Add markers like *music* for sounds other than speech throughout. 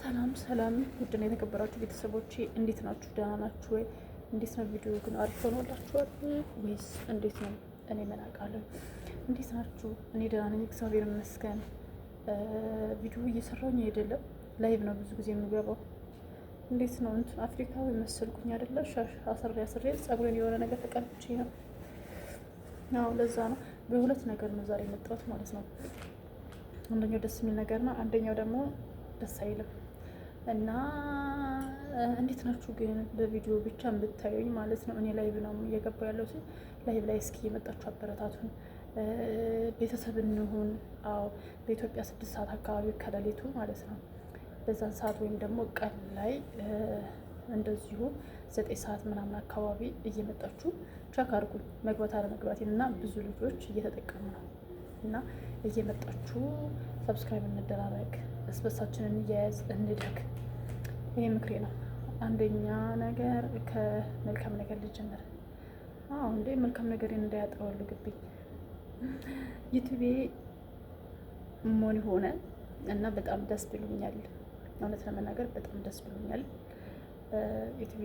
ሰላም ሰላም፣ ውድና የተከበራችሁ ቤተሰቦቼ እንዴት ናችሁ? ደህና ናችሁ ወይ? እንዴት ነው? ቪዲዮ ግን አሪፍ ሆኖላችኋል ወይስ እንዴት ነው? እኔ ምን አውቃለሁ። እንዴት ናችሁ? እኔ ደህና ነኝ፣ እግዚአብሔር ይመስገን። ቪዲዮ እየሰራሁኝ አይደለም፣ ላይቭ ነው ብዙ ጊዜ የምገባው። እንዴት ነው እንትን አፍሪካዊ መሰልኩኝ አይደለ? ሻሽ አስሬ አስሬ ጸጉሬን የሆነ ነገር ተቀብቼ ነው። አዎ ለዛ ነው። በሁለት ነገር ነው ዛሬ የመጣሁት ማለት ነው። አንደኛው ደስ የሚል ነገር ነው፣ አንደኛው ደግሞ ደስ አይልም። እና እንዴት ናችሁ ግን በቪዲዮ ብቻ ብታዩኝ ማለት ነው። እኔ ላይቭ ነው እየገባ ያለው ሲል ላይቭ ላይ እስኪ የመጣችሁ አበረታቱን፣ ቤተሰብ እንሁን። አዎ በኢትዮጵያ ስድስት ሰዓት አካባቢ ከሌሊቱ ማለት ነው። በዛን ሰዓት ወይም ደግሞ ቀን ላይ እንደዚሁ ዘጠኝ ሰዓት ምናምን አካባቢ እየመጣችሁ ቸክ አድርጉኝ መግባት አለመግባቴን እና ብዙ ልጆች እየተጠቀሙ ነው እና እየመጣችሁ ሰብስክራይብ እንደራረግ፣ እስበሳችንን እንያያዝ፣ እንደግ። ይሄ ምክሬ ነው። አንደኛ ነገር ከመልካም ነገር ልጀምር። አዎ እንዴ መልካም ነገሬን እንዳያጠወልግብኝ ዩቲቤ ሞኒ ሆነ እና በጣም ደስ ብሎኛል። እውነት ለመናገር በጣም ደስ ብሎኛል። ዩቲቤ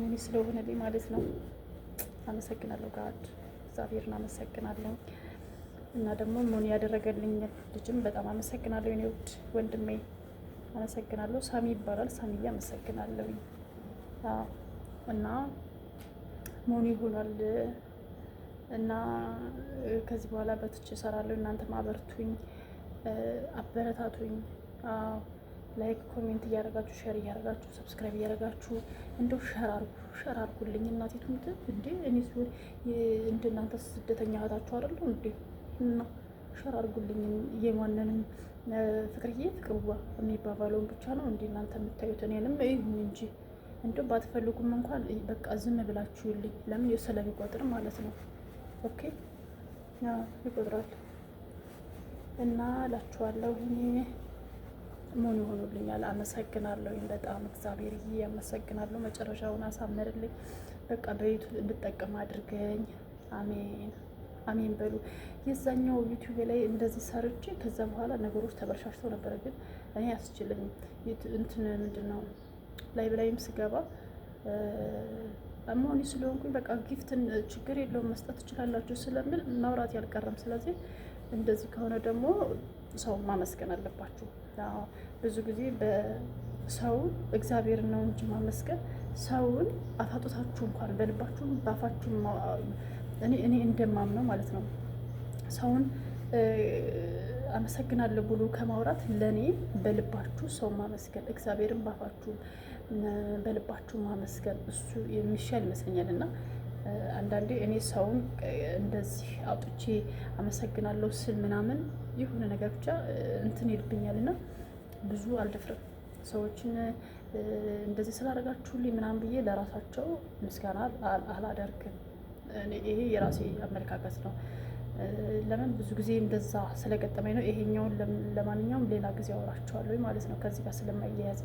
ሞኒ ስለሆነ ማለት ነው። አመሰግናለሁ ጋድ እግዚአብሔርን እናመሰግናለን። እና ደግሞ ሞን ያደረገልኝ ልጅም በጣም አመሰግናለሁ። የኔ ውድ ወንድሜ አመሰግናለሁ። ሳሚ ይባላል። ሳሚዬ አመሰግናለሁ። እና ሞን ይሆናል እና ከዚህ በኋላ በትች እሰራለሁ። እናንተም አበርቱኝ፣ አበረታቱኝ። ላይክ ኮሜንት እያደረጋችሁ ሸር እያደረጋችሁ ሰብስክራይብ እያደረጋችሁ እንደው ሸር አርጉ ሸር አርጉልኝ። እናቴ ትሙት እንዴ እኔ ሲሆን እንደናንተ ስደተኛ እህታችሁ አይደለሁ እንዴ? እና ሸር አርጉልኝ። የማንንም ፍቅርዬ ፍቅርዋ የሚባባለውን ብቻ ነው እንዲ እናንተ የምታዩት? እኔንም ይሁን እንጂ እንደው ባትፈልጉም እንኳን በቃ ዝም ብላችሁልኝ። ለምን ስለሚቆጥር ማለት ነው። ኦኬ ይቆጥራል እና እላችኋለሁ እኔ ምን ሆኖልኛል። አመሰግናለሁ በጣም እግዚአብሔር ይ አመሰግናለሁ። መጨረሻውን አሳምርልኝ። በቃ በቤቱ እንድጠቀም አድርገኝ። አሜን አሜን በሉ። የዛኛው ዩቲዩብ ላይ እንደዚህ ሰርቼ ከዛ በኋላ ነገሮች ተበርሻሽተው ነበረ፣ ግን እኔ አስችልኝ እንትን ምንድን ነው ላይ በላይም ስገባ አማኒ ስለሆንኩኝ በቃ ጊፍትን ችግር የለውም መስጠት ትችላላችሁ ስለምል መብራት ያልቀረም። ስለዚህ እንደዚህ ከሆነ ደግሞ ሰው ማመስገን አለባችሁ። ብዙ ጊዜ በሰው እግዚአብሔር ነው እንጂ ማመስገን ሰውን አፋጦታችሁ እንኳን በልባችሁ በአፋችሁ እኔ እኔ እንደማምነው ማለት ነው ሰውን አመሰግናለሁ ብሎ ከማውራት ለእኔ በልባችሁ ሰው ማመስገን እግዚአብሔርን ባፋችሁ በልባችሁ ማመስገን እሱ የሚሻል ይመስለኛል እና አንዳንዴ እኔ ሰውን እንደዚህ አውጥቼ አመሰግናለሁ ስል ምናምን የሆነ ነገር ብቻ እንትን ይልብኛል እና ብዙ አልደፍርም። ሰዎችን እንደዚህ ስላደረጋችሁልኝ ምናምን ብዬ ለራሳቸው ምስጋና አላደርግም። ይሄ የራሴ አመለካከት ነው። ለምን ብዙ ጊዜ እንደዛ ስለገጠመኝ ነው። ይሄኛውን ለማንኛውም ሌላ ጊዜ አወራቸዋለሁ ማለት ነው። ከዚህ ጋር ስለማያያዝ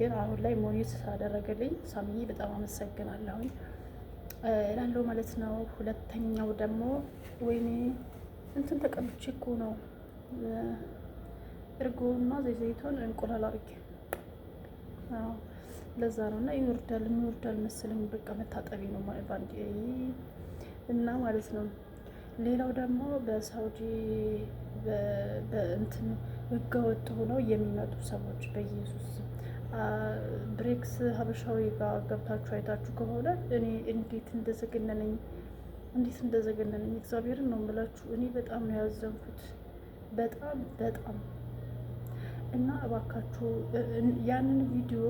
ግን አሁን ላይ ሞኒት ስላደረገልኝ ሳምዬ በጣም አመሰግናለሁኝ። እላለሁ ማለት ነው። ሁለተኛው ደግሞ ወይኔ እንትን ተቀብቼ እኮ ነው እርጎና ዘይዘይቱን እንቁላል አድርጌ ለዛ ነው እና ይወርዳል የሚወርዳል መሰለኝ። በቃ መታጠቢ ነው ባንድ እና ማለት ነው። ሌላው ደግሞ በሳውዲ በእንትን ህገወጥ ሆነው የሚመጡ ሰዎች በኢየሱስ ብሬክስ ሀበሻዊ ጋር ገብታችሁ አይታችሁ ከሆነ እኔ እንዴት እንደዘገነነኝ እንዴት እንደዘገነነኝ እግዚአብሔርን ነው የምላችሁ። እኔ በጣም ነው ያዘንኩት፣ በጣም በጣም እና እባካችሁ ያንን ቪዲዮ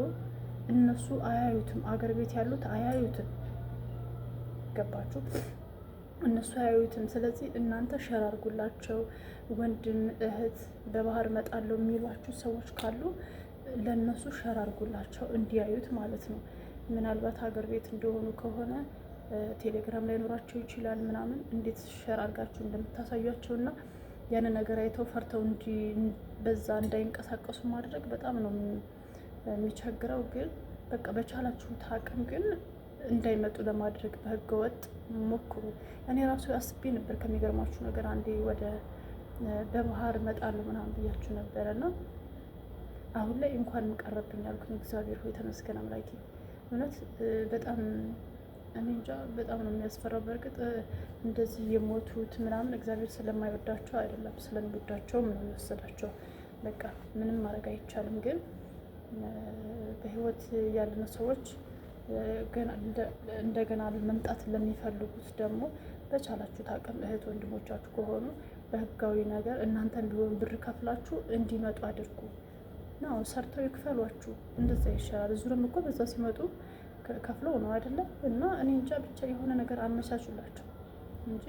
እነሱ አያዩትም፣ አገር ቤት ያሉት አያዩትም። ገባችሁ? እነሱ አያዩትም። ስለዚህ እናንተ ሸር አድርጉላቸው። ወንድም እህት በባህር መጣለው የሚሏችሁ ሰዎች ካሉ ለእነሱ ሸር አድርጉላቸው እንዲያዩት ማለት ነው። ምናልባት ሀገር ቤት እንደሆኑ ከሆነ ቴሌግራም ላይ ኖራቸው ይችላል ምናምን እንዴት ሸር አድርጋችሁ እንደምታሳያቸው እና ያንን ነገር አይተው ፈርተው እንጂ በዛ እንዳይንቀሳቀሱ ማድረግ በጣም ነው የሚቸግረው። ግን በቃ በቻላችሁት አቅም ግን እንዳይመጡ ለማድረግ በህገወጥ ሞክሩ። እኔ ራሱ አስቤ ነበር ከሚገርማችሁ ነገር አንዴ ወደ በባህር መጣለሁ ምናምን ብያችሁ ነበረ ነው። አሁን ላይ እንኳንም ቀረብኝ አልኩኝ። እግዚአብሔር ሆይ ተመስገን አምላኬ። እውነት በጣም እኔ እንጃ በጣም ነው የሚያስፈራው። በእርግጥ እንደዚህ የሞቱት ምናምን እግዚአብሔር ስለማይወዳቸው አይደለም ስለሚወዳቸውም ነው የወሰዳቸው። በቃ ምንም ማድረግ አይቻልም። ግን በህይወት ያለነ ሰዎች እንደገና መምጣት ለሚፈልጉት ደግሞ በቻላችሁ ታቅም እህት ወንድሞቻችሁ ከሆኑ በህጋዊ ነገር እናንተ እንዲሆን ብር ከፍላችሁ እንዲመጡ አድርጉ። ነው ሰርተው ይክፈሏችሁ። እንደዛ ይሻላል። ዙርም እኮ በዛ ሲመጡ ከፍለው ነው አይደለ? እና እኔ እንጃ ብቻ የሆነ ነገር አመቻቹላቸው እንጂ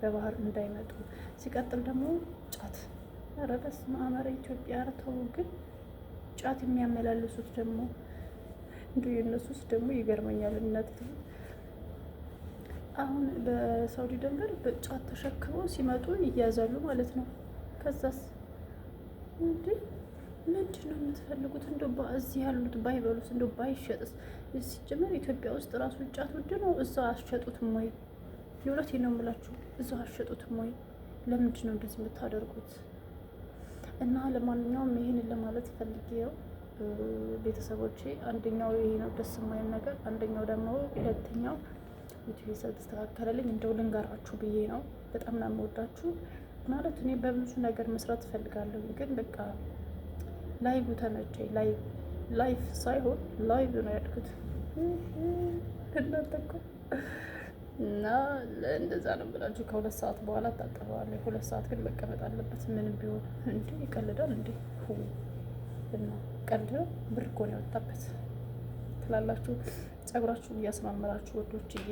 በባህር እንዳይመጡ። ሲቀጥል ደግሞ ጫት፣ ኧረ በስመ አብ ኢትዮጵያ፣ ኧረ ተው ግን ጫት የሚያመላልሱት ደግሞ እንዲ የእነሱስ ደግሞ ይገርመኛል። እነት አሁን በሳውዲ ድንበር በጫት ተሸክመው ሲመጡ ይያዛሉ ማለት ነው። ከዛስ እንዲህ ምንድን ነው የምትፈልጉት? እንደ እዚህ ያሉት ባይበሉት እንደ ባይሸጥስ? ሲጀመር ኢትዮጵያ ውስጥ ራሱ ጫት ውድ ነው። እዛው አሸጡትም ወይ ሊውለት ነው የምላችሁ፣ እዛ አሸጡትም ወይ? ለምንድን ነው እንደዚህ የምታደርጉት? እና ለማንኛውም ይህንን ለማለት ፈልጌው ቤተሰቦቼ፣ አንደኛው ይሄ ነው ደስ የማይል ነገር፣ አንደኛው ደግሞ ሁለተኛው ዩቲብ ስለተስተካከለልኝ እንደው ልንገራችሁ ብዬ ነው። በጣም ነው የምወዳችሁ ማለት እኔ በብዙ ነገር መስራት እፈልጋለሁ ግን በቃ ላይቭ ተመቸኝ። ላይቭ ላይፍ ሳይሆን ላይቭ ነው ያድኩት እናንተ እኮ እና እንደዛ ነው ብላችሁ ከሁለት ሰዓት በኋላ ታጠበዋለሁ። ሁለት ሰዓት ግን መቀመጥ አለበት ምንም ቢሆን። እንዲ ይቀልዳል እንዴ? እና ቀልድ ነው፣ ብር እኮ ነው ያወጣበት ትላላችሁ። ጸጉራችሁን እያስማመራችሁ ወዶችዬ፣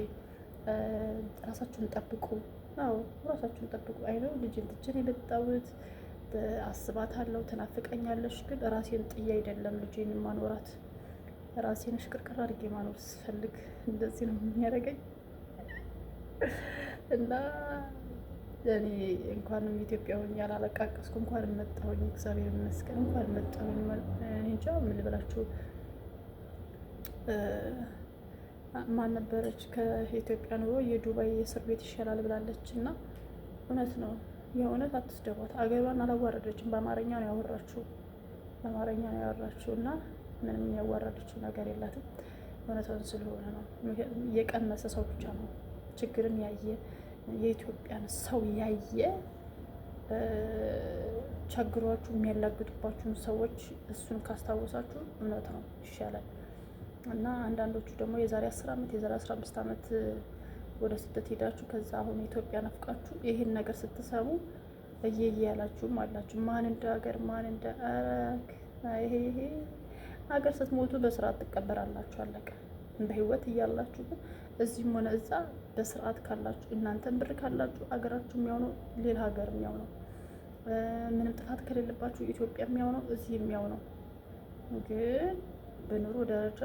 ራሳችሁን ጠብቁ። አዎ ራሳችሁን ጠብቁ። አይነው ልጅን ትችን የመጣሁት አስባታለሁ፣ ትናፍቀኛለች። ግን ራሴን ጥዬ አይደለም ልጄን ማኖራት ራሴን ሽቅርቅር አድርጌ ማኖር ስፈልግ እንደዚህ ነው የሚያደርገኝ እና እኔ እንኳንም ኢትዮጵያ ሆኜ አላለቃቀስኩ። እንኳን መጣሁኝ፣ እግዚአብሔር ይመስገን። እንኳን መጣሁኝ። እንጃ ምን ልበላችሁ። ማን ነበረች ከኢትዮጵያ ኑሮ የዱባይ እስር ቤት ይሻላል ብላለች እና እውነት ነው። የእውነት አትስደቧት። አገሯን አላዋረደችም። በአማርኛ ነው ያወራችሁ፣ በአማርኛ ነው ያወራችሁ እና ምንም ያዋረደችው ነገር የላትም። እውነቷን ስለሆነ ነው። የቀመሰ ሰው ብቻ ነው ችግርን ያየ የኢትዮጵያን ሰው ያየ ቸግሯችሁ የሚያላግጡባችሁን ሰዎች እሱን ካስታወሳችሁ እውነት ነው ይሻላል እና አንዳንዶቹ ደግሞ የዛሬ አስር አመት የዛሬ አስራ አምስት ዓመት ወደ ስደት ሄዳችሁ ከዛ አሁን ኢትዮጵያ ናፍቃችሁ ይህን ነገር ስትሰሙ እየየ ያላችሁም አላችሁ። ማን እንደ ሀገር ማን እንደ አረክ ይሄ ይሄ ሀገር ስትሞቱ በስርዓት ትቀበራላችሁ። አለቀ። በህይወት እያላችሁ እዚህም ሆነ እዛ በስርዓት ካላችሁ እናንተን ብር ካላችሁ ሀገራችሁ የሚያው ነው፣ ሌላ ሀገር የሚያው ነው። ምንም ጥፋት ከሌለባችሁ ኢትዮጵያ የሚያው ነው፣ እዚህ የሚያው ነው። ግን በኑሮ ደረጃ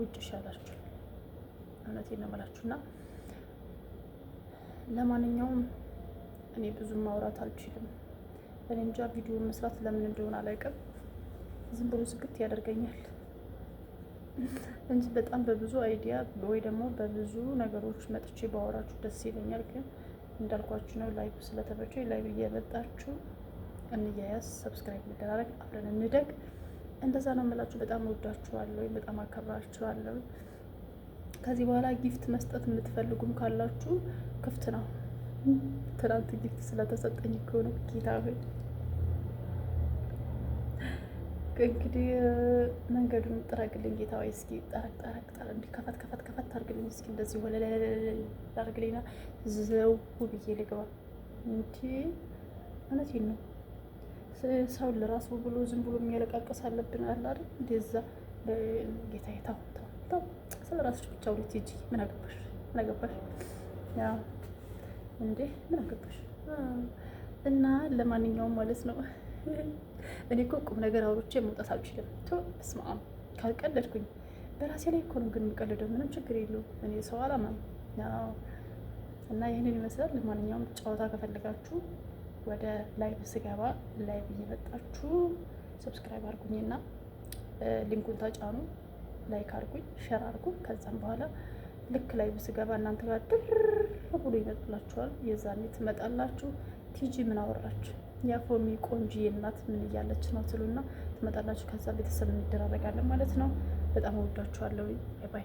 ውጭ ይሻላችሁ። እውነቴን ነው የምላችሁ እና ለማንኛውም እኔ ብዙ ማውራት አልችልም። እኔ እንጃ ቪዲዮ መስራት ለምን እንደሆነ አላውቅም። ዝም ብሎ ስግት ያደርገኛል እንጂ በጣም በብዙ አይዲያ ወይ ደግሞ በብዙ ነገሮች መጥቼ ባወራችሁ ደስ ይለኛል። ግን እንዳልኳችሁ ነው ላይቭ ስለተመቸኝ ላይቭ እየመጣችሁ እንያያዝ፣ ሰብስክራይብ እንደራረግ፣ አብረን እንደግ። እንደዛ ነው የምላችሁ። በጣም ወዳችኋለሁ፣ በጣም አከብራችኋለሁ። ከዚህ በኋላ ጊፍት መስጠት የምትፈልጉም ካላችሁ ክፍት ነው። ትናንት ጊፍት ስለተሰጠኝ ከሆነ ጌታ ሆይ እንግዲህ መንገዱን ጥረግልኝ ጌታ ሆይ እስኪ ጠረቅ ጠረቅ ከፈት ከፈት ከፈት ታርግልኝ እስኪ እንደዚህ ወለለለለለ ዘው ብዬ ልግባ ነው። ለራሱ ብሎ ዝም ብሎ የሚያለቃቀስ አለብን አለ አይደል? እንደዛ ጌታ ተው፣ ስለ ራስሽ ብቻ ሁለት ሂጂ። ምን አገባሽ? ምን አገባሽ? ያው እንዴ ምን አገባሽ? እና ለማንኛውም ማለት ነው *laughs* እኔ እኮ ቁም ነገር አውሮቼ መውጣት አልችልም። ቶ በስመ ካልቀለድኩኝ በራሴ ላይ እኮ ነው ግን የምቀልደው። ምንም ችግር የለውም። እኔ ሰው አላማም። ያው እና ይህንን ይመስላል። ለማንኛውም ጨዋታ ከፈለጋችሁ ወደ ላይቭ ስገባ ላይቭ እየመጣችሁ ሰብስክራይብ አድርጉኝና ሊንኩን ታጫኑ። ላይክ አድርጉኝ፣ ሸር አድርጉ። ከዛም በኋላ ልክ ላይ ብስገባ እናንተ ጋር ድር ብሎ ይመጣላችኋል። የዛኔ ትመጣላችሁ። ቲጂ ምን አወራችሁ የፎሚ ቆንጂ እናት ምን እያለች ነው ትሉና ትመጣላችሁ። ከዛ ቤተሰብ እንደራረጋለን ማለት ነው። በጣም ወዳችኋለሁ። ባይ